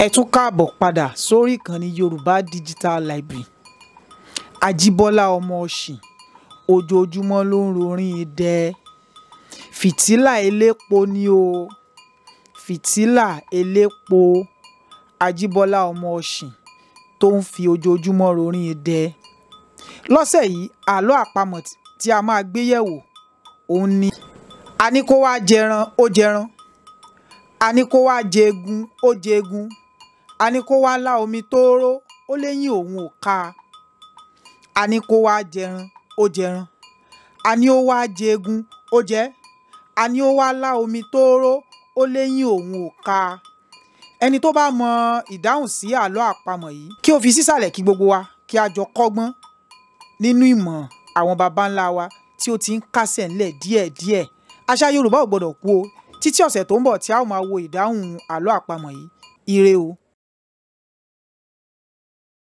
ẹ tún káàbọ̀ padà sórí ìkànnì yorùbá digital library Ajibola ọmọ ọ̀sìn ojoojúmọ́ ló ń rorin idẹ fìtílà elépo ni o fìtílà elépo ajibola ọmọ ọ̀sìn tó ń fi ojoojúmọ́ rorin idẹ lọ́sẹ̀ yìí àlọ́ àpamọ̀ tí a máa gbé yẹ̀wò òun ni a ní kó wá jẹran ó jẹran a ní kó wá jẹgun ó jẹgun a ní kó wá lá omi tóóró ó léyìn òun ò ká a a ní kó wá jẹran ó jẹran a ní ó wá jẹgun ó jẹ a ní ó wá lá omi tóóró ó léyìn òun ò ká ẹni tó bá mọ ìdáhùn sí àlọ́ àpamọ̀ yìí kí o fi sísàlẹ̀ kí gbogbo wa kí a jọ kọ́gbọ́n nínú ìmọ̀ àwọn baba ńlá wa tí ó ti ń kásẹ̀ ńlẹ̀ díẹ̀díẹ̀ àṣà Yorùbá ò gbọ́dọ̀ kú o títí ọ̀sẹ̀ tó ń bọ̀ tí a ó máa wo ìdáhùn àlọ́ àpamọ̀ yìí ire o.